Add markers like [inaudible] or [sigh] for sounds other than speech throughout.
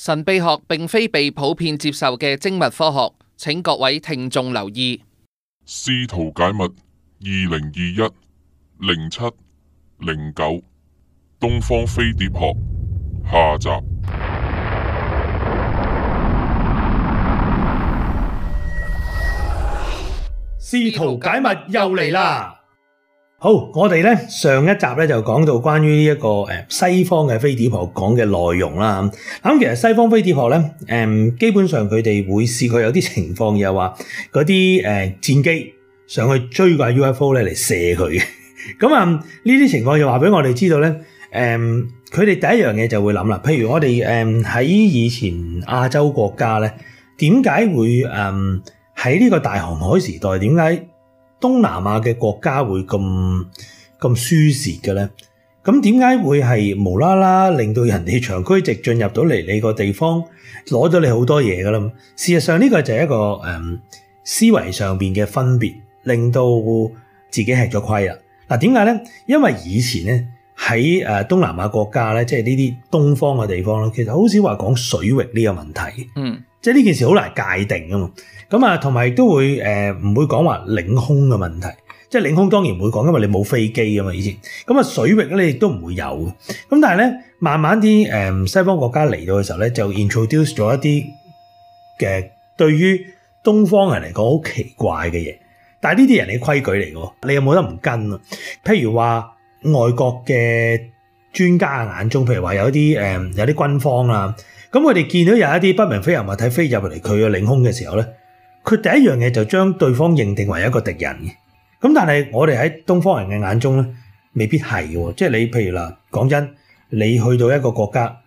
神秘學並非被普遍接受嘅精密科學，請各位聽眾留意。思遠解密二零二一零七零九東方飛碟學下集。思遠解密又嚟啦！好，我哋呢上一集呢就講到關於一、這個、呃、西方嘅飛碟學講嘅內容啦。咁、嗯、其實西方飛碟學呢，誒、嗯、基本上佢哋會試過有啲情況就是說，又話嗰啲誒戰機上去追個 UFO 咧嚟射佢。咁啊，呢啲情況又話俾我哋知道呢，誒佢哋第一樣嘢就會諗啦。譬如我哋誒喺以前亞洲國家呢，點解會誒喺呢個大航海時代，點解？東南亞嘅國家會咁咁舒適嘅咧，咁點解會係無啦啦令到人哋長驅直進入到嚟你個地方攞咗你好多嘢噶啦？事實上呢個就係一個誒、嗯、思維上面嘅分別，令到自己吃咗虧喇啊！嗱點解咧？因為以前咧喺誒東南亞國家咧，即係呢啲東方嘅地方咧，其實好少話講水域呢個問題。嗯。即係呢件事好難界定噶嘛，咁啊同埋都會誒唔會講話領空嘅問題，即係領空當然唔會講，因為你冇飛機噶嘛以前，咁啊水域咧你亦都唔會有，咁但係咧慢慢啲誒、嗯、西方國家嚟到嘅時候咧就 introduce 咗一啲嘅對於東方人嚟講好奇怪嘅嘢，但係呢啲人你規矩嚟嘅，你有冇得唔跟啊？譬如話外國嘅專家眼中，譬如話有一啲誒、嗯、有啲軍方啊。咁我哋見到有一啲不明飛行物體飛入嚟佢嘅領空嘅時候咧，佢第一樣嘢就將對方認定為一個敵人嘅。咁但係我哋喺東方人嘅眼中咧，未必係嘅。即係你譬如嗱，講真，你去到一個國家，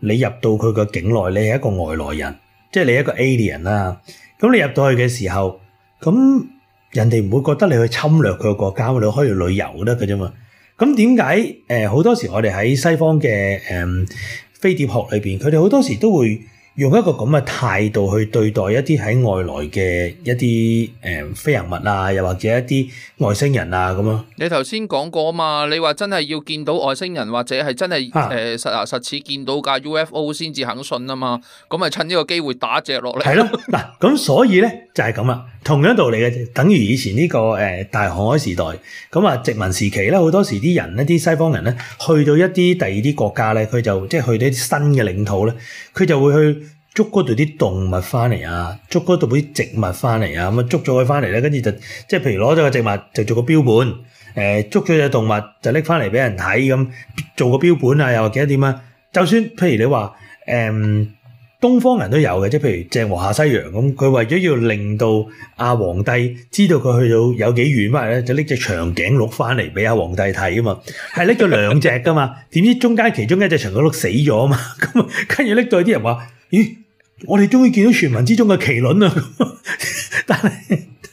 你入到佢嘅境內，你係一個外來人，即係你一個 alien 啦。咁你入到去嘅時候，咁人哋唔會覺得你去侵略佢嘅國家，你可以旅遊得嘅啫嘛。咁點解？誒好多時我哋喺西方嘅誒。飛碟學裏邊，佢哋好多時都會用一個咁嘅態度去對待一啲喺外來嘅一啲誒飛行物啊，又或者一啲外星人啊咁樣咯。你頭先講過啊嘛，你話真係要見到外星人或者係真係誒、啊、實牙實齒見到架 UFO 先至肯信啊嘛，咁咪趁呢個機會打隻落嚟。係咯 [laughs] 啊，嗱咁所以咧就係咁啊。同樣道理嘅，等於以前呢個誒大航海時代，咁啊殖民時期咧，好多時啲人咧，啲西方人呢，去到一啲第二啲國家呢，佢就即係去到一啲新嘅領土呢，佢就會去捉嗰度啲動物翻嚟啊，捉嗰度啲植物翻嚟啊，咁啊捉咗佢翻嚟呢，跟住就即係譬如攞咗個植物就做個標本，誒捉咗隻動物就拎翻嚟俾人睇咁，做個標本啊，又或者點啊？就算譬如你話誒。嗯東方人都有嘅，即係譬如鄭和下西洋咁，佢為咗要令到阿皇帝知道佢去到有幾遠，咁就拎隻長頸鹿翻嚟俾阿皇帝睇啊嘛，係拎咗兩隻噶嘛，點 [laughs] 知中間其中一隻長頸鹿死咗啊嘛，咁啊跟住拎到有啲人話，咦，我哋終於見到傳聞之中嘅麒麟啊，但係。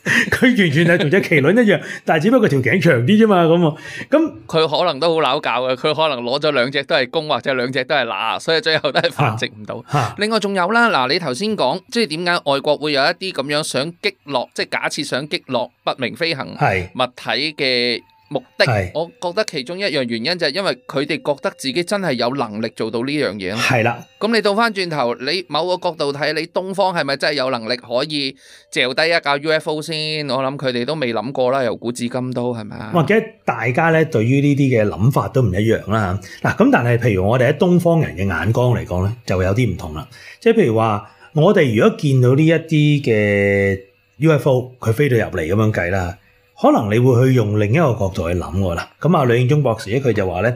佢 [laughs] 完全就同隻麒麟一樣， [laughs] 但係只不過條頸長啲啫嘛咁咁佢可能都好拗搞嘅，佢可能攞咗兩隻都係公或者兩隻都係乸，所以最後都係繁殖唔到。啊啊、另外仲有啦，嗱，你頭先講即係點解外國會有一啲咁樣想擊落，即係假設想擊落不明飛行係物體嘅。目的，我覺得其中一樣原因就係因為佢哋覺得自己真係有能力做到呢樣嘢啦。係啦，咁你倒翻轉頭，你某個角度睇，你東方係咪真係有能力可以掟低一架 UFO 先？我諗佢哋都未諗過啦，由古至今都係咪啊？我覺得大家咧對於呢啲嘅諗法都唔一樣啦。嗱，咁但係譬如我哋喺東方人嘅眼光嚟講咧，就有啲唔同啦。即係譬如話，我哋如果見到呢一啲嘅 UFO，佢飛到入嚟咁樣計啦。可能你會去用另一個角度去諗㗎啦。咁、呃、啊，呂應鐘博士咧，佢就話呢，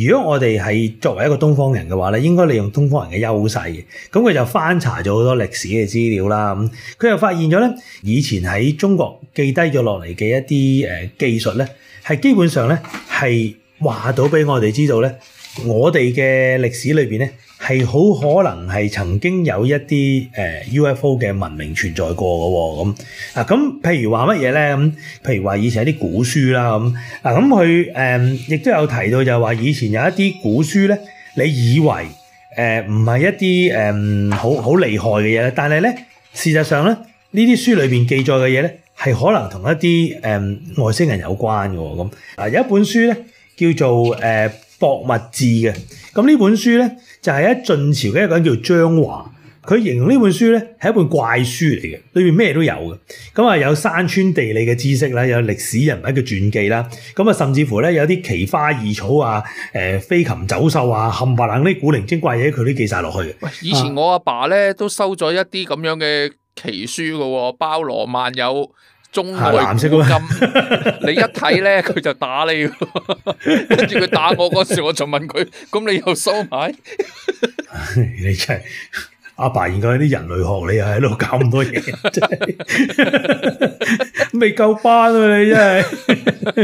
如果我哋係作為一個東方人嘅話呢，應該利用東方人嘅優勢嘅。咁佢就翻查咗好多歷史嘅資料啦。咁佢又發現咗咧，以前喺中國記低咗落嚟嘅一啲技術呢，係基本上呢係話到俾我哋知道咧，我哋嘅歷史裏面呢。係好可能係曾經有一啲誒 UFO 嘅文明存在過嘅咁啊。咁譬如話乜嘢咧？咁譬如話以前一啲古書啦咁啊。咁佢誒亦都有提到，就係話以前有一啲古書咧，你以為誒唔係一啲誒好好厲害嘅嘢，但係咧事實上咧呢啲書裏邊記載嘅嘢咧，係可能同一啲誒、呃、外星人有關嘅喎、哦。咁啊有一本書咧叫做《誒、呃、博物志》嘅，咁呢本書咧。就係喺晉朝嘅一個人叫張華，佢形容呢本書咧係一本怪書嚟嘅，裏邊咩都有嘅。咁、嗯、啊有山川地理嘅知識啦，有歷史人物嘅傳記啦，咁、嗯、啊甚至乎咧有啲奇花異草啊、誒飛禽走獸啊、冚唪唥啲古靈精怪嘢，佢都記晒落去。喂，以前我阿爸咧都收咗一啲咁樣嘅奇書嘅喎，包羅萬有。藍色嗰個金，你一睇咧佢就打你，跟住佢打我嗰時，我就問佢：，咁你又收埋？你真係阿爸，研究啲人類學，你又喺度搞咁多嘢，真係未夠班啊！你真係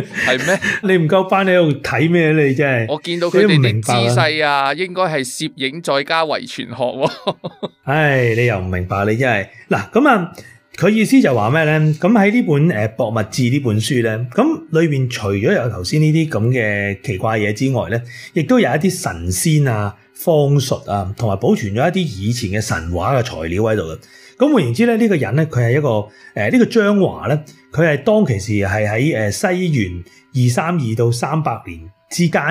係咩？你唔夠班，你喺度睇咩？你真係我見到佢哋啲姿勢啊，應該係攝影再加遺傳學。唉，你又唔明白你真係嗱咁啊！佢意思就話咩咧？咁喺呢本博物志呢本書呢，咁裏邊除咗有頭先呢啲咁嘅奇怪嘢之外呢，亦都有一啲神仙啊、方術啊，同埋保存咗一啲以前嘅神話嘅材料喺度嘅。咁換言之咧，呢、呢個人呢，佢係一個誒呢、呃呢個張華咧，佢係當其時係喺西元二三二到三百年之間，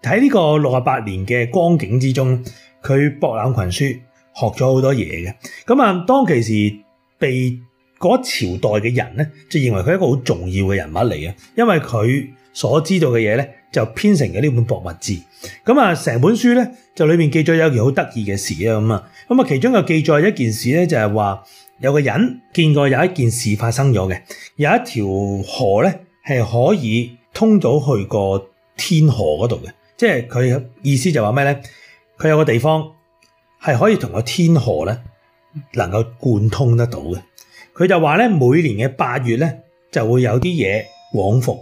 喺呢個六十八年嘅光景之中，佢博覽群書，學咗好多嘢嘅。咁啊，當其時。被嗰朝代嘅人咧，就認為佢係一個好重要嘅人物嚟嘅，因為佢所知道嘅嘢咧，就編成嘅呢本博物志。咁啊，成本書咧就裏面記載有一件好得意嘅事啊咁啊，咁啊，其中就記載一件事咧，就係話有個人見過有一件事發生咗嘅，有一條河咧係可以通到去個天河嗰度嘅，即係佢意思就話咩咧？佢有個地方係可以同個天河咧。能夠貫通得到嘅，佢就話咧，每年嘅八月咧就會有啲嘢往復，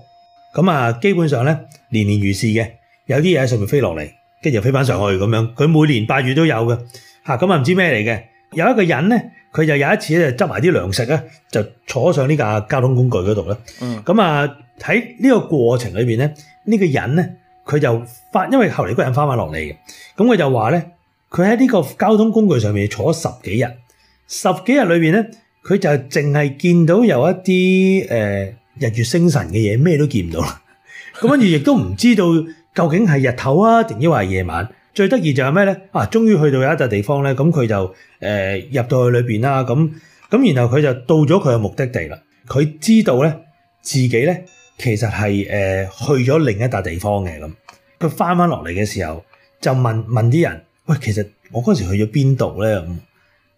咁啊，基本上咧年年如是嘅，有啲嘢喺上面飛落嚟，跟住又飛翻上去咁樣，佢每年八月都有嘅，吓咁啊唔知咩嚟嘅，有一個人咧，佢就有一次就執埋啲糧食咧，就坐上呢架交通工具嗰度咧，咁啊喺呢個過程裏邊咧，呢個人咧佢就翻，因為後嚟嗰個人翻翻落嚟嘅，咁佢就話咧，佢喺呢個交通工具上面坐咗十幾日。十幾日裏邊咧，佢就淨係見到有一啲誒、呃、日月星辰嘅嘢，咩都見唔到啦。咁跟住亦都唔知道究竟係日頭啊，定抑或係夜晚。最得意就係咩咧？啊，終於去到有一笪地方咧，咁佢就誒、呃、入到去裏邊啦。咁咁然後佢就到咗佢嘅目的地啦。佢知道咧自己咧其實係誒去咗另一笪地方嘅咁。佢翻翻落嚟嘅時候就問問啲人：喂，其實我嗰時去咗邊度咧？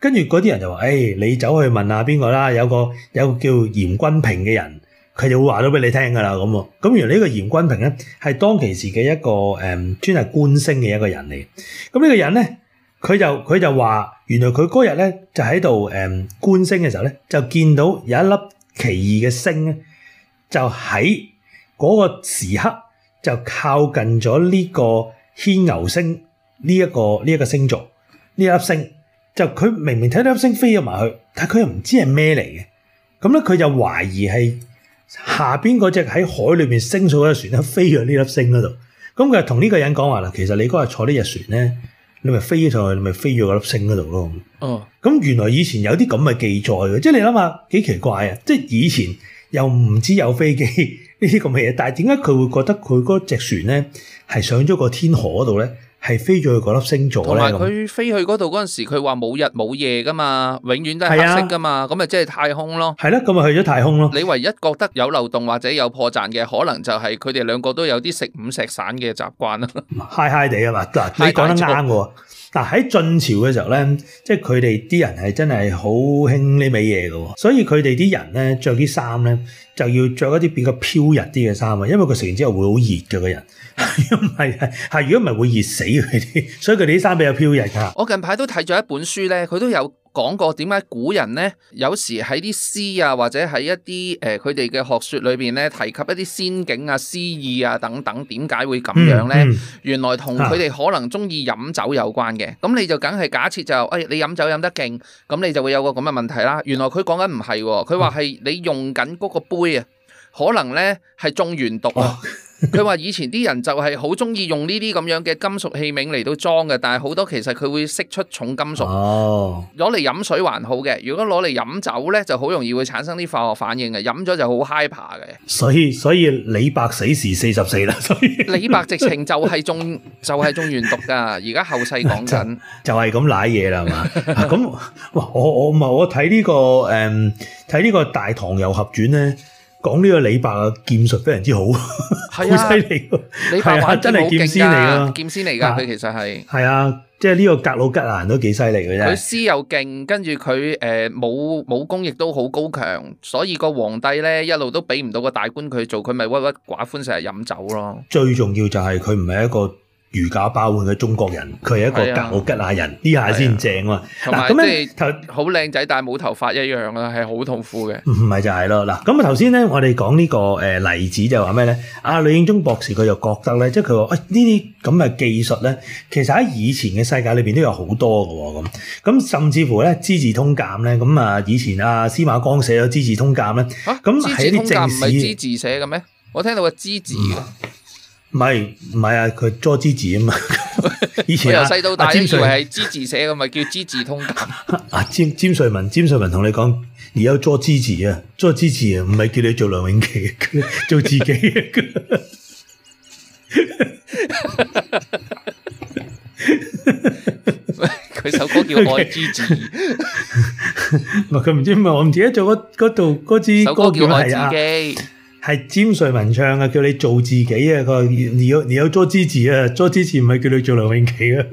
跟住嗰啲人就話：誒、哎，你走去問下邊個啦，有個有個叫嚴君平嘅人，佢就會話咗俾你聽㗎喇，咁啊。咁原來呢個嚴君平咧，係當其時嘅一個誒、嗯、專係觀星嘅一個人嚟。咁、這、呢個人咧，佢就佢就話，原來佢嗰日咧就喺度誒觀星嘅時候咧，就見到有一粒奇異嘅星咧，就喺嗰個時刻就靠近咗呢個牽牛星呢一、這個呢一、這個星座呢粒星。就佢明明睇到粒星飛咗埋去，但佢又唔知係咩嚟嘅，咁咧佢就懷疑係下邊嗰隻喺海裏面升咗嗰隻船咧飛咗呢粒星嗰度，咁佢就同呢個人講話啦，其實你嗰日坐呢隻船咧，你咪飛咗上去，你咪飛咗嗰粒星嗰度咯。哦，咁原來以前有啲咁嘅記載嘅，即係你諗下幾奇怪啊！即係以前又唔知有飛機呢啲咁嘅嘢，但係點解佢會覺得佢嗰隻船咧係上咗個天河嗰度咧？係飛咗去嗰粒星座咧，同埋佢飛去嗰度嗰陣時，佢話冇日冇夜噶嘛，永遠都係黑色噶嘛，咁咪即係太空咯。係咯、啊，咁咪去咗太空咯。你唯一覺得有漏洞或者有破綻嘅，可能就係佢哋兩個都有啲食五石散嘅習慣啦。嗨嗨地啊嘛，嗱，你講得啱喎。嗱喺晉朝嘅時候咧，即係佢哋啲人係真係好興呢味嘢嘅，所以佢哋啲人咧着啲衫咧。就要着一啲比較飄逸啲嘅衫啊，因為佢食完之後會好熱嘅個人，係唔係？係如果唔係會熱死佢啲，所以佢哋啲衫比較飄逸。我近排都睇咗一本書咧，佢都有講過點解古人咧有時喺啲詩啊或者喺一啲誒佢哋嘅學説裏邊咧提及一啲仙境啊詩意啊等等，點解會咁樣咧？嗯嗯、原來同佢哋可能中意飲酒有關嘅。咁、啊、你就梗係假設就誒、哎、你飲酒飲得勁，咁你就會有個咁嘅問題啦。原來佢講緊唔係喎，佢話係你用緊嗰個杯。可能咧係中鉛毒啊。佢話、哦、以前啲人就係好中意用呢啲咁樣嘅金屬器皿嚟到裝嘅，但係好多其實佢會釋出重金屬。哦，攞嚟飲水還好嘅，如果攞嚟飲酒咧，就好容易會產生啲化學反應嘅，飲咗就好 high 怕嘅。所以所以李白死時四十四啦。李白直情就係中 [laughs] 就係中鉛毒噶，而家後世講緊就係咁舐嘢啦，係嘛？咁哇、 [laughs] 啊，我唔咪我睇呢個誒睇呢個《嗯、個大唐游俠傳》咧。講呢個李白嘅劍術非常之好，係啊，好犀利。 [laughs] 李白玩真係劍仙嚟咯，劍仙嚟噶佢其實係。係啊，即係呢個格魯吉蘭都幾犀利嘅啫。佢詩又勁，跟住佢誒武武功亦都好高強，所以個皇帝咧一路都俾唔到個大官佢做，佢咪屈屈寡歡，成日飲酒咯。最重要就係佢唔係一個。如假包換嘅中國人，佢係一個格魯吉亞人，呢下先正啊！同埋即係佢好靚仔，但係冇頭髮一樣啊，係好痛苦嘅。唔係就係咯，嗱咁啊頭先咧，我哋講呢個誒例子就話咩咧？阿、呃、呂應鐘博士佢就覺得咧，即係佢話：誒呢啲咁嘅技術咧，其實喺以前嘅世界裏邊都有好多嘅，咁咁甚至乎咧、啊啊《資治通鑑》咧，咁啊以前啊，司馬光寫咗《資治通鑑》咧，咁《資治通鑑》唔係資治寫嘅咩？我聽到個資治唔係唔係啊！佢做芝士啊嘛， [laughs] 以前由細到大一直係芝士寫噶嘛，叫芝士通格啊。詹瑞、啊啊、文，詹瑞文同你講而家做芝士啊，做芝士啊，唔係叫你做梁詠琪，做自己。佢首歌叫《愛芝士》。我佢唔知、啊，唔係我唔知做嗰嗰度嗰支歌，首歌叫《愛自己》。 [laughs] 係詹瑞文唱啊，叫你做自己啊，佢話你有你有做支持啊，做支持唔係叫你做梁詠琪啊。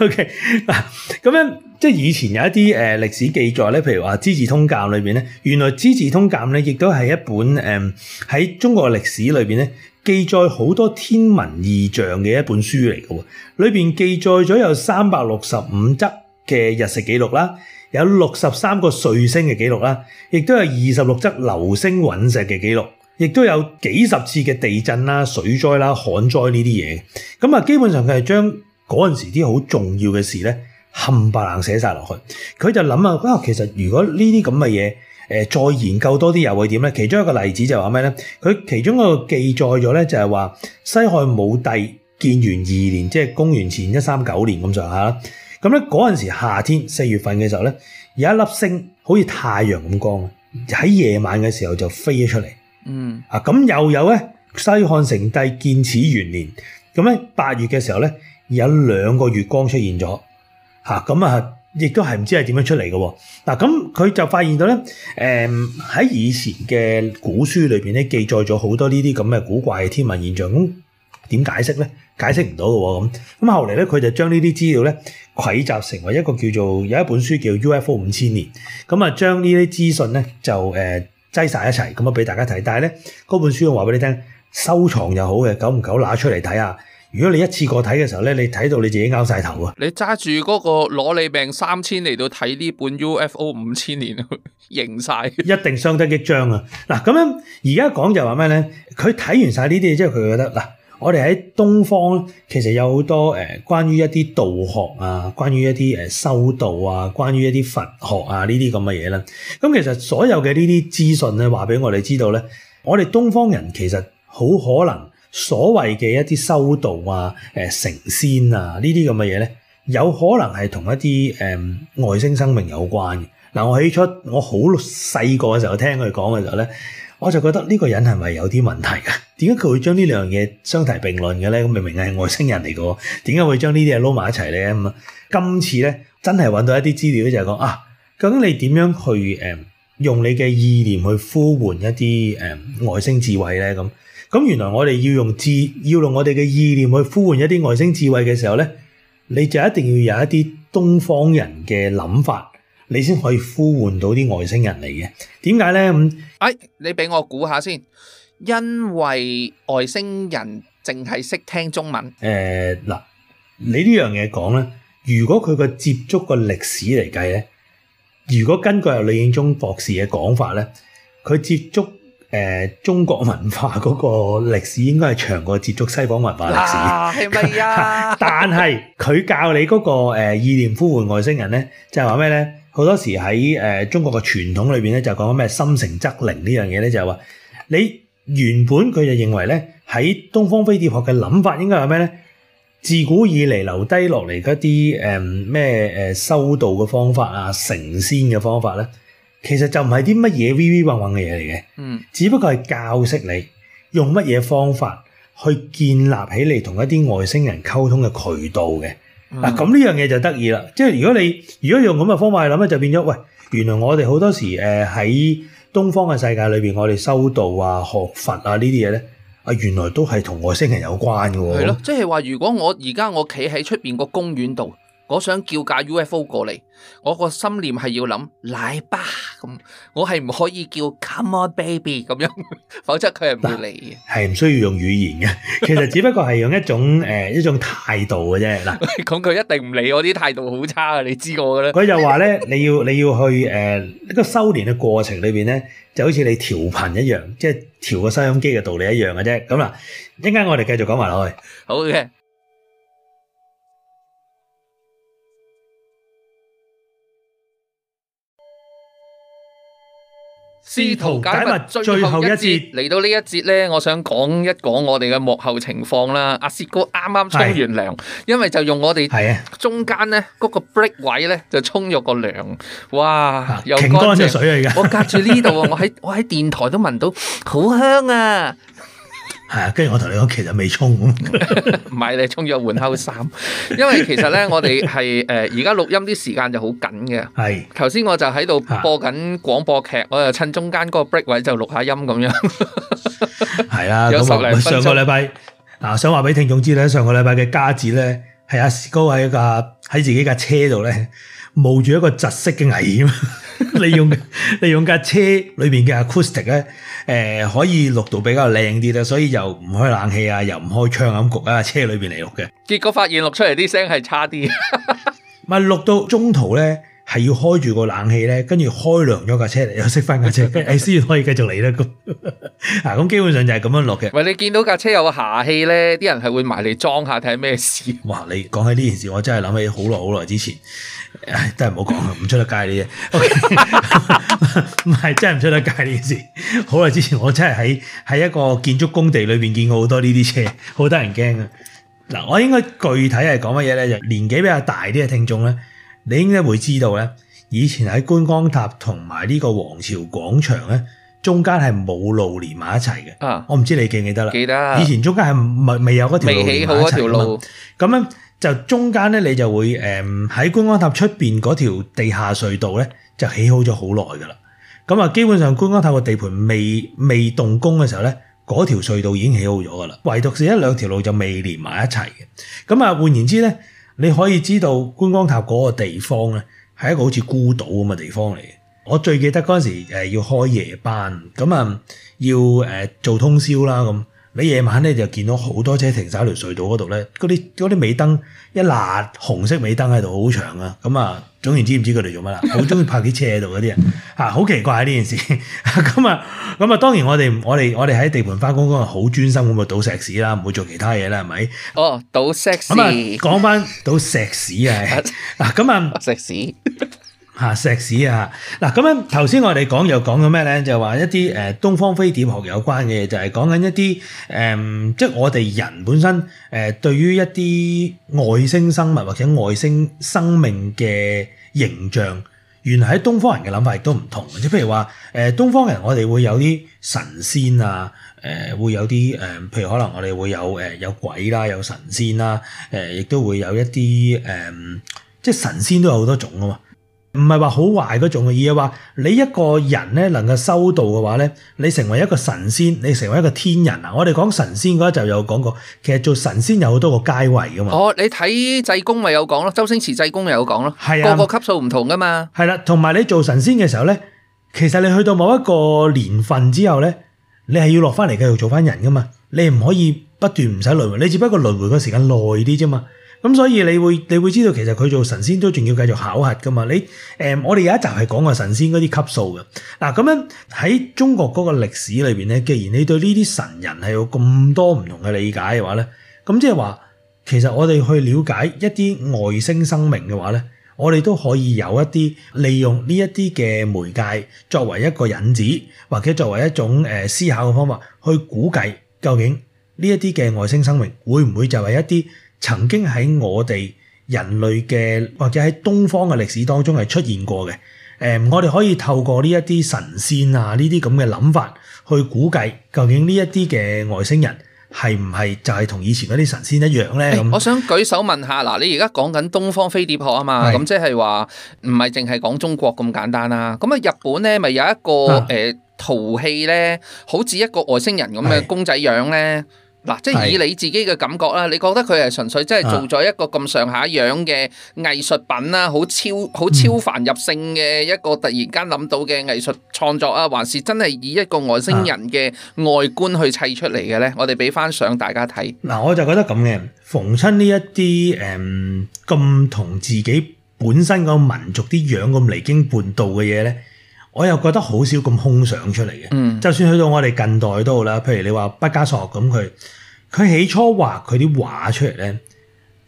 O K 嗱，咁樣即以前有一啲誒，歷史記載呢，譬如話《資治通鑑》裏面呢，原來《資治通鑑》呢亦都係一本誒喺、嗯、中國嘅歷史裏面呢記載好多天文異象嘅一本書嚟嘅，裏面記載咗有三百六十五則嘅日食記錄啦。有六十三個歲星嘅記錄啦，亦都有二十六則流星隕石嘅記錄，亦都有幾十次嘅地震啦、水災啦、旱災呢啲嘢。咁啊，基本上佢係將嗰陣時啲好重要嘅事咧，冚唪唥寫晒落去。佢就諗啊，啊，其實如果呢啲咁嘅嘢，誒，再研究多啲又會點咧？其中一個例子就話咩咧？佢其中一個記載咗咧，就係話西漢武帝建元二年，即係公元前一三九年咁上下。咁咧，嗰陣時夏天四月份嘅時候呢，有一粒星好似太陽咁光，喺夜晚嘅時候就飛咗出嚟。嗯啊，又有呢西漢成帝建始元年，咁咧八月嘅時候呢，有兩個月光出現咗。嚇咁啊，亦都係唔知係點樣出嚟嘅。嗱，咁佢就發現到呢，誒、嗯、喺以前嘅古書裏面咧，記載咗好多呢啲咁嘅古怪嘅天文現象，點解釋呢？解釋唔到嘅喎。咁，咁後嚟咧，佢就將呢啲資料呢匯集成為一個叫做有一本書叫 UFO 五千年咁啊，將呢啲資訊呢就誒擠曬一齊咁啊，俾大家睇。但係咧嗰本書我話俾你聽，收藏又好嘅，久唔久拿出嚟睇啊。如果你一次過睇嘅時候咧，你睇到你自己拗曬頭啊！你揸住嗰個攞你命三千嚟到睇呢本 UFO 五千年，認曬一定相得益彰啊！嗱，咁樣而家講就話咩呢？佢睇完曬呢啲，即係佢覺得我哋喺東方其實有好多誒，關於一啲道學啊，關於一啲誒修道啊，關於一啲佛學啊呢啲咁嘅嘢咧。咁其實所有嘅呢啲資訊咧，話俾我哋知道咧，我哋東方人其實好可能所謂嘅一啲修道啊、誒、呃、成仙啊呢啲咁嘅嘢咧，有可能係同一啲誒、呃、外星生命有關嘅。嗱，我起初我好細個嘅時候聽佢講嘅時候咧。我就覺得呢個人係咪有啲問題啊？點解佢會將呢兩樣嘢相提並論嘅呢？明明係外星人嚟個，點解會將呢啲嘢撈埋一齊呢？咁啊，今次呢，真係揾到一啲資料就係講啊，究竟你點樣去、嗯、用你嘅意念去呼喚一啲、嗯、外星智慧呢？嗯。咁咁原來我哋要用智，要用我哋嘅意念去呼喚一啲外星智慧嘅時候呢，你就一定要有一啲東方人嘅諗法。你先可以呼喚到啲外星人嚟嘅？點解咧？咁，哎，你俾我估下先，因為外星人淨係識聽中文。誒，嗱，你呢樣嘢講咧，如果佢個接觸個歷史嚟計咧，如果根據呂應鐘博士嘅講法咧，佢接觸誒中國文化嗰個歷史應該係長過接觸西方文化歷史，係咪呀？但係佢教你嗰個誒意念呼喚外星人咧，就係話咩咧？好多時喺中國嘅傳統裏面，咧，就講緊咩心誠則靈呢樣嘢咧，就係話你原本佢就認為咧，喺東方飛碟學嘅諗法應該係咩呢？自古以嚟留低落嚟一啲咩修道嘅方法啊，成仙嘅方法咧，其實就唔係啲乜嘢 V V 混混嘅嘢嚟嘅，嗯，只不過係教識你用乜嘢方法去建立起你同一啲外星人溝通嘅渠道嘅。嗱，咁呢、嗯、樣嘢就得意啦，即係如果你如果你用咁嘅方法去諗就變咗喂，原來我哋好多時誒喺、呃、東方嘅世界裏面，我哋修道啊、學佛啊呢啲嘢咧，原來都係同外星人有關嘅喎。係，即係話如果我而家我企喺出面個公園度。我想叫架 UFO 過嚟，我個心念係要諗嚟吧，咁我係唔可以叫 Come on baby 咁樣，否則佢係唔會嚟嘅。係唔需要用語言嘅，其實只不過係用一種誒一種態度嘅啫。嗱，咁佢一定唔理我啲態度好差嘅，你知我嘅咧。佢就話咧，你要你要去誒呢個修煉嘅過程裏邊咧，就好似你調頻一樣，即係調個收音機嘅道理一樣嘅啫。咁啦，一陣間我哋繼續講埋落去。好嘅。司徒解密，最後一節嚟到呢一節咧，我想講一講我哋嘅幕後情況啦。阿薛高啱啱衝完涼，是因為就用我哋中間咧嗰、嗰個 break 位咧就衝咗個涼，哇，又乾淨。乾水嚟㗎 [laughs] 我隔住呢度，我喺我喺電台都聞到好香啊！係啊，跟住我同你講，其實未沖，唔係 [laughs] 你沖咗換口衫。 [laughs] 因為其實咧，我哋係誒而家錄音啲時間就好緊嘅。係、啊，頭先我就喺度播緊廣播劇，我就趁中間嗰個 break 位就錄下音咁樣。係 [laughs] 啊，有十零分鐘。上個禮拜嗱， [laughs] 想話俾聽眾知咧，上個禮拜嘅家子咧，係阿薛高喺架喺自己架車度咧。冒住一個窒息嘅危險，利 [laughs] 用利用架車裏面嘅 Acoustic，呃，可以錄到比較靚啲啦，所以又唔開冷氣啊，又唔開窗咁焗啊，車裏邊嚟錄嘅。結果發現錄出嚟啲聲係差啲，咪 [laughs] [laughs] 錄到中途呢。係要開住個冷氣咧，跟住開涼咗架車嚟，又熄翻架車，誒，先可以繼續嚟咧。咁啊，咁基本上就係咁樣落嘅。喂，你見到架車有個下氣咧，啲人係會埋嚟裝下睇咩事。哇！你講起呢件事，我真係諗起好耐好耐之前，唉，都係唔好講啦，唔出得街呢嘢，唔係真係唔出得街呢件事。好耐之前我，我真係喺喺一個建築工地裏邊見過好多呢啲車，好得人驚噶。嗱， [laughs] 我應該具體係講乜嘢咧？就年紀比較大啲嘅聽眾咧。你應該會知道咧，以前喺觀光塔同埋呢個皇朝廣場咧，中間係冇路連埋一齊嘅。啊，我唔知你記唔記得啦？記得。以前中間係未，未有嗰條路起未起好嗰條路。咁樣就中間咧，你就會誒喺、嗯、觀光塔出邊嗰條地下隧道咧，就起好咗好耐噶啦。咁啊，基本上觀光塔個地盤未未動工嘅時候咧，嗰條隧道已經起好咗噶啦。唯獨係一兩條路就未連埋一齊嘅。咁啊，換言之咧。你可以知道觀光塔嗰個地方咧，係一個好似孤島咁嘅地方嚟嘅。我最記得嗰陣時誒要開夜班，咁啊要誒、呃、做通宵啦咁。你夜晚咧就見到好多車停晒喺條隧道嗰度咧，嗰啲嗰啲尾燈一焟紅色尾燈喺度好長 [laughs] 啊！咁 [laughs] 啊，總然知唔知佢哋做乜啦，好中意泊啲車喺度嗰啲人嚇，好奇怪呢件事咁啊！咁啊，當然我哋我哋我哋喺地盤翻工嗰個好專心咁啊，倒石屎啦，唔會做其他嘢啦，係咪？哦，倒石屎咁啊，講翻倒石屎啊！咁啊，石屎。嚇石屎啊！嗱，咁樣頭先我哋講又講咗咩咧？就係話、是、一啲誒東方飛碟學有關嘅嘢，就係講緊一啲誒，即、嗯、係我哋人本身誒、嗯、對於一啲外星生物或者外星生命嘅形象，原來喺東方人嘅諗法亦都唔同，即係譬如話誒，東方人我哋會有啲神仙啊，誒、呃、會有啲誒，譬如可能我哋會有誒、呃、有鬼啦，有神仙啦，誒、呃、亦都會有一啲誒、嗯，即係神仙都有好多種啊嘛～唔係話好壞嗰種，而係話你一個人咧能夠修道嘅話咧，你成為一個神仙，你成為一個天人啊！我哋講神仙嗰時候，有講過，其實做神仙有好多個階位噶嘛。哦，你睇濟公咪有講咯，周星馳濟公咪有講咯，啊、個個級數唔同噶嘛。係啦，同埋你做神仙嘅時候咧，其實你去到某一個年份之後咧，你係要落翻嚟繼續做翻人噶嘛，你唔可以不斷唔使輪迴，你只不過輪迴嘅時間耐啲啫嘛。咁所以你會你會知道其實佢做神仙都仲要繼續考核噶嘛。你、你、嗯、誒我哋有一集係講過神仙嗰啲級數嘅。嗱、啊、咁樣喺中國嗰個歷史裏邊咧，既然你對呢啲神人係有咁多唔同嘅理解嘅話咧，咁即係話其實我哋去了解一啲外星生命嘅話咧，我哋都可以有一啲利用呢一啲嘅媒介作為一個引子，或者作為一種誒思考嘅方法去估計究竟呢一啲嘅外星生命會唔會就係一啲，曾經喺我哋人類嘅或者喺東方嘅歷史當中係出現過嘅，誒，我哋可以透過呢一啲神仙啊，呢啲咁嘅諗法去估計，究竟呢一啲嘅外星人係唔係就係同以前嗰啲神仙一樣咧？我想舉手問下，嗱，你而家講緊東方飛碟學啊嘛，咁即係話唔係淨係講中國咁簡單啦。咁啊，日本咧咪有一個誒陶器咧，好似一個外星人咁嘅公仔樣咧。嗱，即係以你自己嘅感覺啦，是你覺得佢係純粹真係做咗一個咁上下樣嘅藝術品啦，好、啊、超好超凡入聖嘅一個突然間諗到嘅藝術創作啊，嗯、還是真係以一個外星人嘅外觀去砌出嚟嘅呢？啊、我哋俾翻相大家睇。嗱、啊，我就覺得咁嘅，逢親呢一啲誒咁同自己本身個民族啲樣咁離經叛道嘅嘢呢。我又覺得好少咁空想出嚟嘅，嗯、就算去到我哋近代都好啦。譬如你話畢加索咁，佢佢起初畫佢啲畫出嚟咧，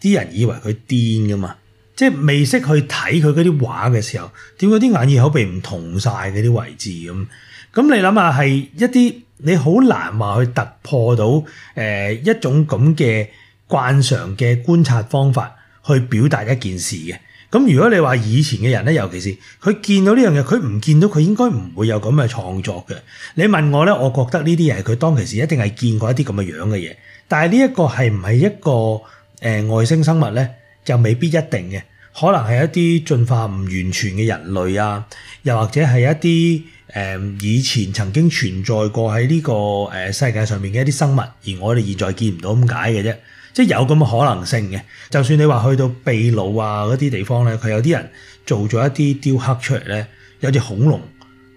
啲人以為佢癲噶嘛，即係未識去睇佢嗰啲畫嘅時候，點解啲眼耳口鼻唔同晒嗰啲位置咁？咁你諗下係一啲你好難話去突破到誒、呃、一種咁嘅慣常嘅觀察方法去表達一件事嘅。咁如果你話以前嘅人咧，尤其是佢見到呢樣嘢，佢唔見到佢應該唔會有咁嘅創作嘅。你問我咧，我覺得呢啲嘢係佢當其時一定係見過一啲咁嘅樣嘅嘢。但係呢一個係唔係一個誒外星生物咧，就未必一定嘅，可能係一啲進化唔完全嘅人類啊，又或者係一啲誒以前曾經存在過喺呢個誒世界上面嘅一啲生物，而我哋現在見唔到咁解嘅啫。即係有咁嘅可能性嘅，就算你話去到秘魯啊嗰啲地方咧，佢有啲人做咗一啲雕刻出嚟咧，有隻恐龍。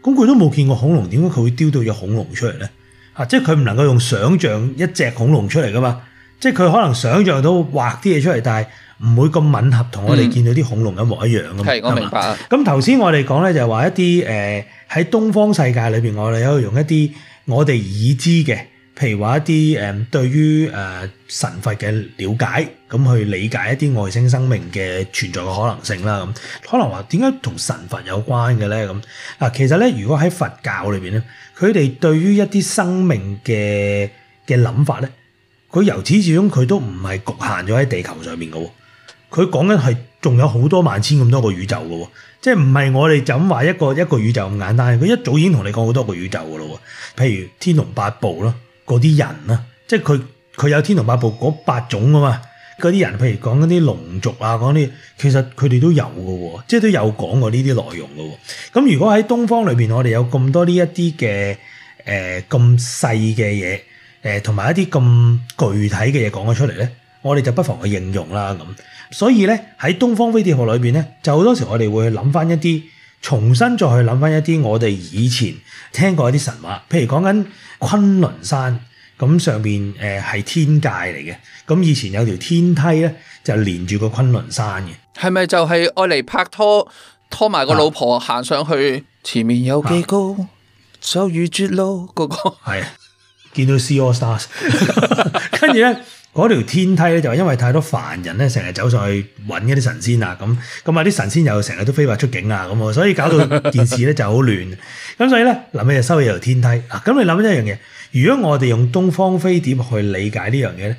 咁佢都冇見過恐龍，點解佢會雕到隻恐龍出嚟咧？啊，即係佢唔能夠用想像一隻恐龍出嚟噶嘛？即係佢可能想像到畫啲嘢出嚟，但係唔會咁吻合，同我哋見到啲恐龍一模一樣噶嘛？係、嗯，我明白。咁頭先我哋講咧就係、是、話一啲誒喺東方世界裏邊，我哋可以用一啲我哋已知嘅。譬如話一啲誒，對於誒神佛嘅了解，咁去理解一啲外星生命嘅存在嘅可能性啦。咁可能話點解同神佛有關嘅咧？咁嗱，其實咧，如果喺佛教裏邊咧，佢哋對於一啲生命嘅嘅諗法咧，佢由始至終佢都唔係局限咗喺地球上面嘅。佢講緊係仲有好多萬千咁多個宇宙嘅，即係唔係我哋就咁話一個一個宇宙咁簡單。佢一早已經同你講好多個宇宙噶啦。譬如天龍八部咯。嗰啲人啊，即係佢佢有天龍八部嗰八種啊嘛，嗰啲人，譬如講嗰啲龍族啊，講啲，其實佢哋都有噶，即係都有講過呢啲內容噶。咁如果喺東方裏邊、呃呃，我哋有咁多呢一啲嘅，誒，咁細嘅嘢，誒，同埋一啲咁具體嘅嘢講咗出嚟咧，我哋就不妨去應用啦。咁，所以咧喺東方飛碟學裏邊咧，就好多時我哋會諗翻一啲。重新再去諗翻一啲我哋以前聽過一啲神話，譬如講緊崑崙山，咁上邊誒係天界嚟嘅，咁以前有條天梯咧就連住個崑崙山嘅，係咪就係愛嚟拍拖拖埋個老婆行上去？啊、前面有幾高，就如、啊、絕路嗰、那個，係、啊、見到 See All Stars，跟住咧。 [laughs] 呢 [laughs] 嗰條天梯咧，就因為太多凡人咧，成日走上去揾一啲神仙啊，咁咁啊啲神仙又成日都非法出境啊，咁啊，所以搞到件事咧就好亂。咁所以咧，諗起就收起條天梯嗱。咁你諗一樣嘢，如果我哋用東方飛碟去理解呢樣嘢咧，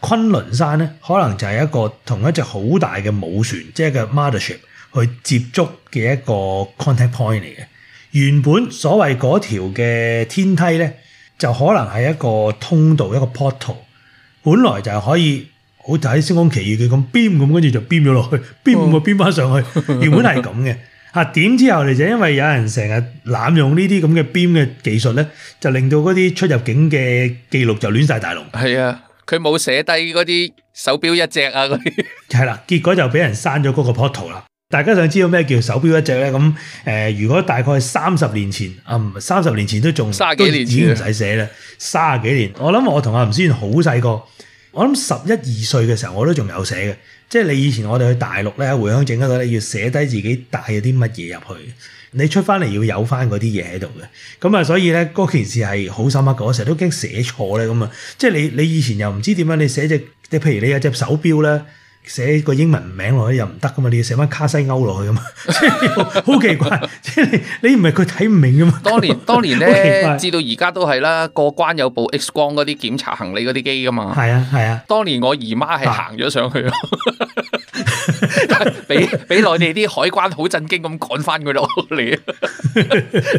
昆侖山咧，可能就係一個同一隻好大嘅母船，即係一個 mothership 去接觸嘅一個 contact point 嚟嘅。原本所謂嗰條嘅天梯咧，就可能係一個通道，一個 portal。本來就係可以，好似《星光奇遇記》咁編咁，跟住就編咗落去，編個編翻上去。原本係咁嘅，啊點知後嚟就因為有人成日濫用呢啲咁嘅編嘅技術咧，就令到嗰啲出入境嘅記錄就亂晒大龍。係啊，佢冇寫低嗰啲手錶一隻啊，嗰啲係啦，結果就俾人刪咗嗰個 portal 啦。大家想知道咩叫手錶一隻咧？咁誒、呃，如果大概三十年前啊，三、嗯、十年前都仲卅幾年已經唔使寫咧，卅幾年。嗯、我諗我同阿吳思遠好細個，我諗十一二歲嘅時候我都仲有寫嘅。即係你以前我哋去大陸咧，回鄉證嗰度要寫低自己帶啲乜嘢入去，你出翻嚟要有翻嗰啲嘢喺度嘅。咁啊，所以咧嗰件事係好深刻，我成日都驚寫錯咧。咁啊，即係你你以前又唔知點樣，你寫隻即係譬如你有隻手錶咧。寫個英文名落去又唔得噶嘛，你要寫翻卡西歐落去噶嘛，好 [laughs] [laughs] 奇怪！你唔係佢睇唔明噶嘛？ [laughs] 當年當年咧，至到而家都係啦，過關有部 X 光嗰啲檢查行李嗰啲機噶嘛。係啊係啊，啊當年我姨媽係行咗上去。 [laughs] [laughs] 俾俾內地啲海關好震驚咁趕翻佢落嚟，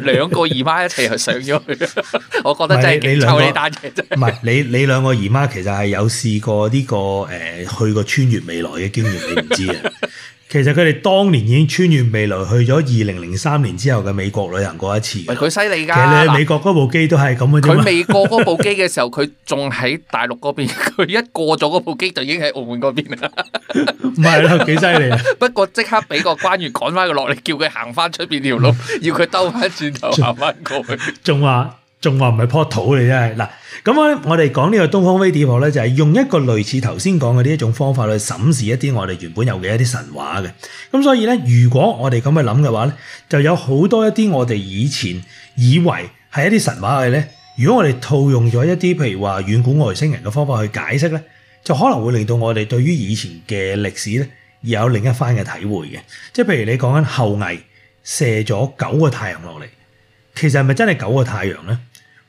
兩 [laughs] 個姨媽一齊去上咗去， [laughs] 我覺得真係勁臭呢單嘢。唔係你你兩個， [laughs] 個姨媽其實係有試過呢、這個誒去過穿越未來嘅經驗，你唔知啊。 [laughs] 其實佢哋當年已經穿越未來去咗二零零三年之後嘅美國旅行過一次，唔係，佢犀利㗎。其實你喺美國嗰部機都係咁嘅啫嘛。佢未過嗰部機嘅時候，佢仲喺大陸嗰邊，佢一過咗嗰部機就已經喺澳門嗰邊啦。唔係啦，幾犀利啊！ [laughs] 不過即刻俾個關員趕翻佢落嚟，叫佢行翻出邊條路， [laughs] 要佢兜翻轉頭行翻過去。仲話。仲話唔係坡土嚟啫！嗱，咁咧，我哋講呢個《東方飛碟學》咧，就係用一個類似頭先講嘅呢一種方法去審視一啲我哋原本有嘅一啲神話嘅。咁所以咧，如果我哋咁去諗嘅話咧，就有好多一啲我哋以前以為係一啲神話嘅咧，如果我哋套用咗一啲譬如話遠古外星人嘅方法去解釋咧，就可能會令到我哋對於以前嘅歷史咧，有另一番嘅體會嘅。即係譬如你講緊後羿射咗九個太陽落嚟，其實係咪真係九個太陽咧？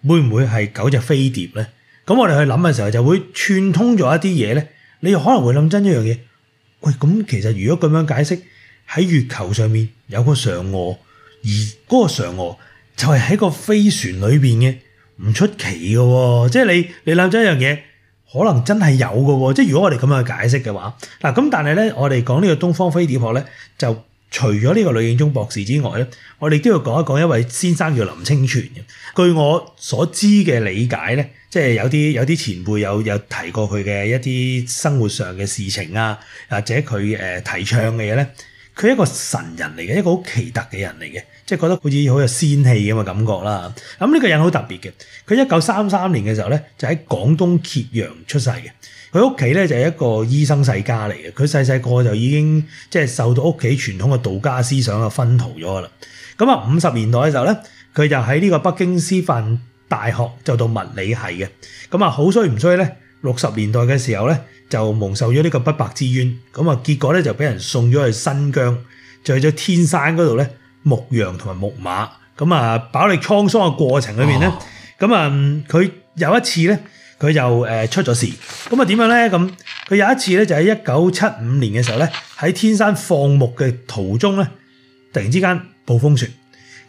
會唔會係九隻飛碟咧？咁我哋去諗嘅時候就會串通咗一啲嘢咧。你可能會諗真一樣嘢。喂，咁其實如果咁樣解釋，喺月球上面有個嫦娥，而嗰個嫦娥就係喺個飛船裏邊嘅，唔出奇嘅喎、哦。即係你你諗真一樣嘢，可能真係有嘅喎、哦。即係如果我哋咁樣解釋嘅話，嗱咁，但係咧，我哋講呢個東方飛碟學咧就。除咗呢個呂應鐘博士之外咧，我哋都要講一講一位先生叫林清泉嘅。據我所知嘅理解咧，即係有啲有啲前輩有有提過佢嘅一啲生活上嘅事情啊，或者佢誒提倡嘅嘢咧，佢係一個神人嚟嘅，一個好奇特嘅人嚟嘅，即係覺得好似好有仙氣咁嘅感覺啦。咁、這、呢個人好特別嘅，佢一九三三年嘅時候咧，就喺廣東揭陽出世嘅。佢屋企咧就係一個醫生世家嚟嘅，佢細細個就已經即係受到屋企傳統嘅道家思想嘅熏陶咗噶啦。咁啊五十年代嘅時候咧，佢就喺呢個北京師範大學就讀物理系嘅。咁啊好衰唔衰咧？六十年代嘅時候咧，就蒙受咗呢個不白之冤。咁啊結果咧，就俾人送咗去新疆，就去咗天山嗰度咧牧羊同埋牧馬。咁啊飽歷滄桑嘅過程裏面咧，咁啊佢有一次咧。佢又出咗事，咁啊點樣咧？咁佢有一次咧，就喺一九七五年嘅時候呢，喺天山放牧嘅途中呢，突然之間暴風雪，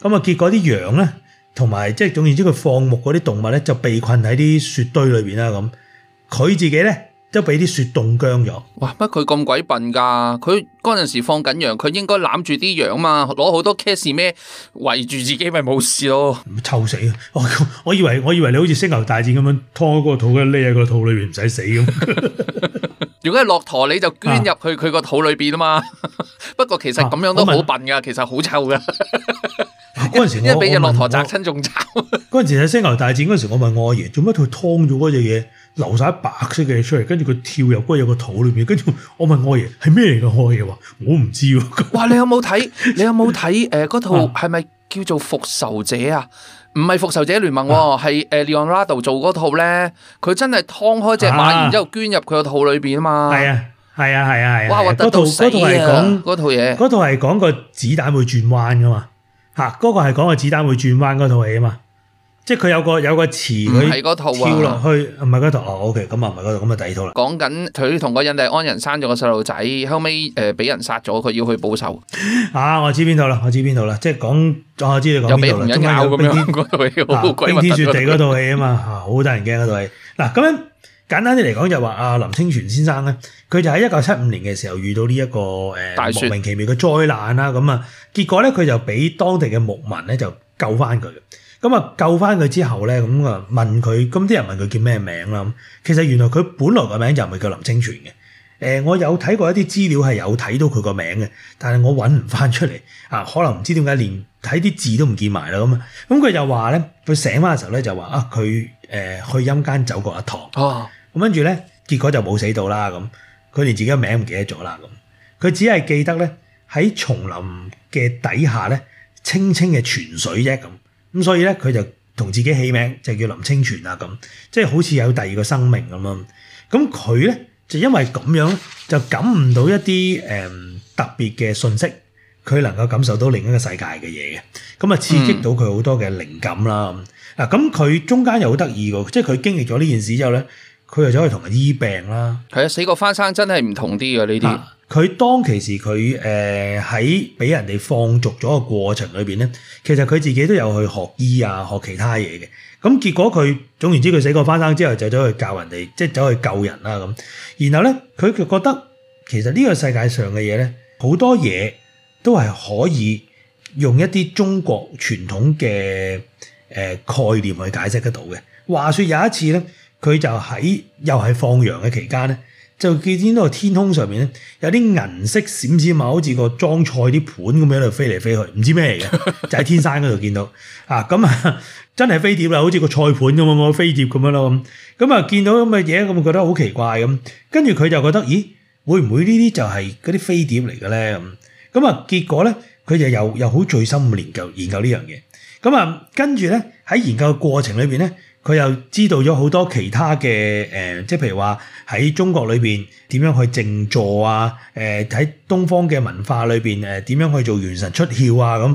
咁啊結果啲羊呢，同埋即總言之佢放牧嗰啲動物呢，就被困喺啲雪堆裏面啦。咁佢自己呢。即係俾啲雪凍僵咗，哇！乜佢咁鬼笨噶？佢嗰陣時放緊羊，佢應該攬住啲羊嘛，攞好多 case 咩圍住自己咪冇事咯。臭死！我我以為我以為你好似星球大戰咁樣，拖喺個肚，匿喺個肚裏邊唔使死咁。如果係駱駝，你就捐入去佢個肚裏邊啊嘛。不過其實咁樣都好笨噶，其實好臭噶。嗰陣時因為俾隻駱駝扎親仲慘。嗰陣時喺星球大戰嗰陣時，我問我阿爺，做乜佢劏咗嗰隻嘢？流晒白色嘅嘢出嚟，跟住佢跳入嗰個有個肚裏邊，跟住我問我阿爺係咩嚟㗎？我阿爺話我唔知喎。哇！你有冇睇？你有冇睇？誒、呃，嗰套係咪叫做《復仇者》啊？唔係《復仇者聯盟啊》喎、啊，係 Leonardo、呃、做嗰套咧。佢真係劏開隻馬，啊、然之後捐入佢個肚裏邊啊嘛。係啊，係啊，係啊，係啊，啊哇！哇，嗰套嗰哇套係講嗰套嘢，嗰套係講個子彈會轉彎㗎嘛？嚇、啊，嗰個係講個子彈會轉彎嗰套戲啊嘛。即係佢有個有個池佢跳落去唔係嗰套 OK，咁啊唔係嗰套，咁啊 OK，就第二套啦。講緊佢同個印第安人生咗個細路仔，後尾誒俾人殺咗，佢要去報仇。啊！我知邊度啦，我知邊度啦。即係講，我知道講有俾人咬咁樣、啊、冰天雪地嗰套戲啊嘛，好多 [laughs] 人驚嗰套戲。嗱咁樣簡單啲嚟講就話、是、阿林清泉先生咧，佢就喺一九七五年嘅時候遇到呢、這、一個誒莫、呃、莫名其妙嘅災難啦，咁啊結果咧佢就俾當地嘅牧民咧就救翻佢。救翻佢之後呢，咁啊問佢，咁啲人問佢叫咩名啦？其實原來佢本來個名就唔係叫林清泉嘅。誒，我有睇過一啲資料係有睇到佢個名嘅，但係我揾唔翻出嚟啊！可能唔知點解連睇啲字都唔見埋啦，咁，咁佢就話呢，佢醒翻嘅時候呢，就話啊，佢誒去陰間走過一趟哦。咁跟住呢，結果就冇死到啦，咁，佢連自己個名都唔記得咗啦，咁，佢只係記得呢，喺叢林嘅底下呢，清清嘅泉水啫咁。咁所以咧，佢就同自己起名就叫林清泉啊，咁即係好似有第二個生命咁咯。咁佢咧就因為咁樣就感悟到一啲誒、嗯、特別嘅訊息，佢能夠感受到另一個世界嘅嘢嘅，咁啊刺激到佢好多嘅靈感啦。嗱、嗯，咁佢、啊、中間又好得意嘅，即係佢經歷咗呢件事之後咧，佢就走去同人醫病啦。係啊，死過翻生真係唔同啲嘅呢啲。佢當其時佢誒喺俾人哋放逐咗個過程裏邊咧，其實佢自己都有去學醫啊，學其他嘢嘅。咁結果佢總言之，佢死過翻生之後就走去教人哋，即係走去救人啦咁。然後咧，佢就覺得其實呢個世界上嘅嘢咧，好多嘢都係可以用一啲中國傳統嘅誒概念去解釋得到嘅。話說有一次咧，佢就喺又係放羊嘅期間咧。就見到個天空上面咧，有啲銀色閃閃嘛，好似個裝菜啲盤咁樣喺度飛嚟飛去，唔知咩嚟嘅， [laughs] 就喺天山嗰度見到啊！咁、嗯、啊，真係飛碟啦，好似個菜盤咁樣，飛碟咁樣咯咁。咁、嗯、啊，見到咁嘅嘢，咁覺得好奇怪咁。跟住佢就覺得，咦，會唔會呢啲就係嗰啲飛碟嚟嘅咧？咁咁啊，結果咧，佢就又又好醉心研究研究、嗯、呢樣嘢。咁啊，跟住咧喺研究嘅過程裏邊咧。佢又知道咗好多其他嘅，誒、呃，即係譬如話喺中國裏邊點樣去靜坐啊，誒、呃，喺東方嘅文化裏邊，誒，點樣去做元神出竅啊，咁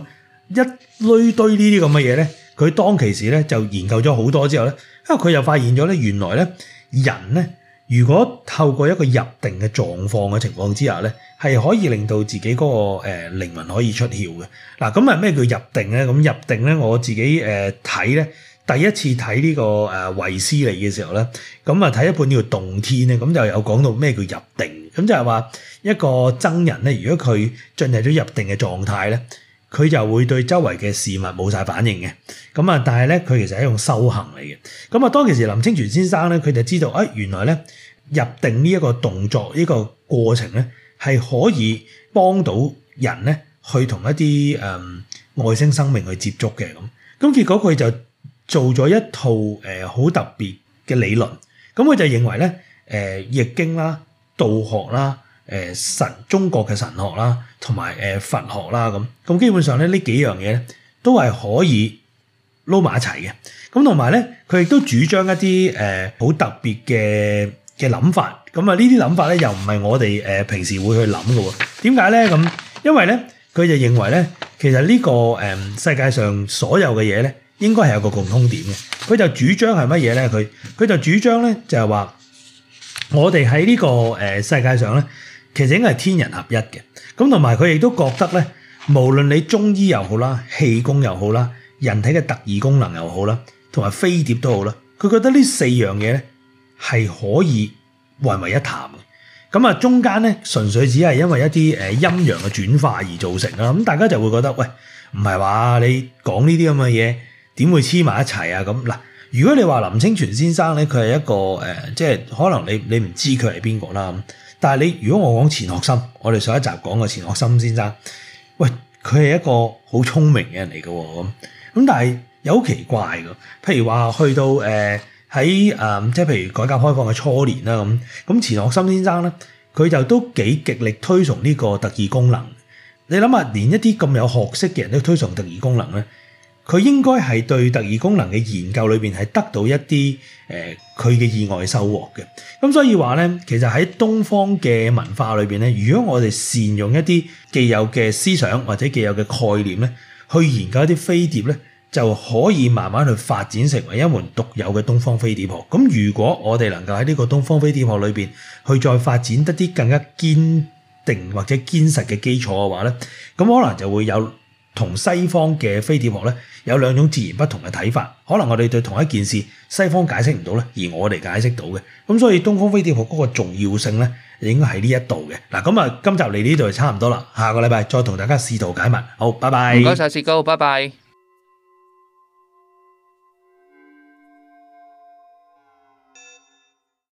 一堆堆呢啲咁嘅嘢咧，佢當其時咧就研究咗好多之後咧，因為佢又發現咗咧，原來咧人咧，如果透過一個入定嘅狀況嘅情況之下咧，係可以令到自己嗰個誒靈魂可以出竅嘅。嗱，咁啊咩叫入定咧？咁入定咧，我自己誒睇咧。呃第一次睇呢、這個誒、啊《衛斯理》嘅時候咧，咁啊睇一本叫洞天咧，咁就有講到咩叫入定。咁就係話一個僧人咧，如果佢進入咗入定嘅狀態咧，佢就會對周圍嘅事物冇晒反應嘅。咁啊，但係咧，佢其實係一種修行嚟嘅。咁啊，當其時林清玄先生咧，佢就知道啊，原來咧入定呢一個動作，呢、這個過程咧，係可以幫到人咧去同一啲誒、嗯、外星生命去接觸嘅。咁咁結果佢就。做咗一套誒好特別嘅理論，咁佢就認為咧，誒易經啦、道學啦、誒神中國嘅神學啦，同埋誒佛學啦，咁咁基本上咧呢幾樣嘢咧都係可以撈埋一齊嘅。咁同埋咧，佢亦都主張一啲誒好特別嘅嘅諗法。咁啊呢啲諗法咧又唔係我哋誒平時會去諗嘅喎。點解咧？咁因為咧，佢就認為咧，其實呢個誒世界上所有嘅嘢咧。應該係有個共通點嘅，佢就主張係乜嘢咧？佢佢就主張咧，就係話我哋喺呢個誒世界上咧，其實應該係天人合一嘅。咁同埋佢亦都覺得咧，無論你中醫又好啦、氣功又好啦、人體嘅特異功能又好啦，同埋飛碟都好啦，佢覺得呢四樣嘢咧係可以混為一談嘅。咁啊，中間咧純粹只係因為一啲誒陰陽嘅轉化而造成啦。咁大家就會覺得喂，唔係話你講呢啲咁嘅嘢。點會黐埋一齊啊？咁嗱，如果你話林清泉先生咧，佢係一個誒、呃，即係可能你你唔知佢係邊個啦。咁，但係你如果我講錢學森，我哋上一集講過錢學森先生，喂，佢係一個好聰明嘅人嚟噶咁。咁但係有好奇怪嘅，譬如話去到誒喺誒，即係譬如改革開放嘅初年啦，咁咁錢學森先生咧，佢就都幾極力推崇呢個特異功能。你諗下，連一啲咁有學識嘅人都推崇特異功能咧。佢應該係對特異功能嘅研究裏邊係得到一啲誒佢嘅意外收穫嘅，咁所以話咧，其實喺東方嘅文化裏邊咧，如果我哋善用一啲既有嘅思想或者既有嘅概念咧，去研究一啲飛碟咧，就可以慢慢去發展成為一門獨有嘅東方飛碟學。咁如果我哋能夠喺呢個東方飛碟學裏邊去再發展得啲更加堅定或者堅實嘅基礎嘅話咧，咁可能就會有。同西方嘅飛碟學咧有兩種截然不同嘅睇法，可能我哋對同一件事西方解釋唔到咧，而我哋解釋到嘅，咁所以東方飛碟學嗰個重要性咧，應該喺呢一度嘅。嗱，咁啊，今集嚟呢度就差唔多啦，下個禮拜再同大家試圖解密。好，拜拜。唔該晒，薛高，拜拜。